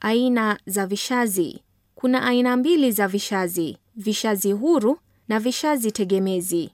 Aina za vishazi. Kuna aina mbili za vishazi, vishazi huru na vishazi tegemezi.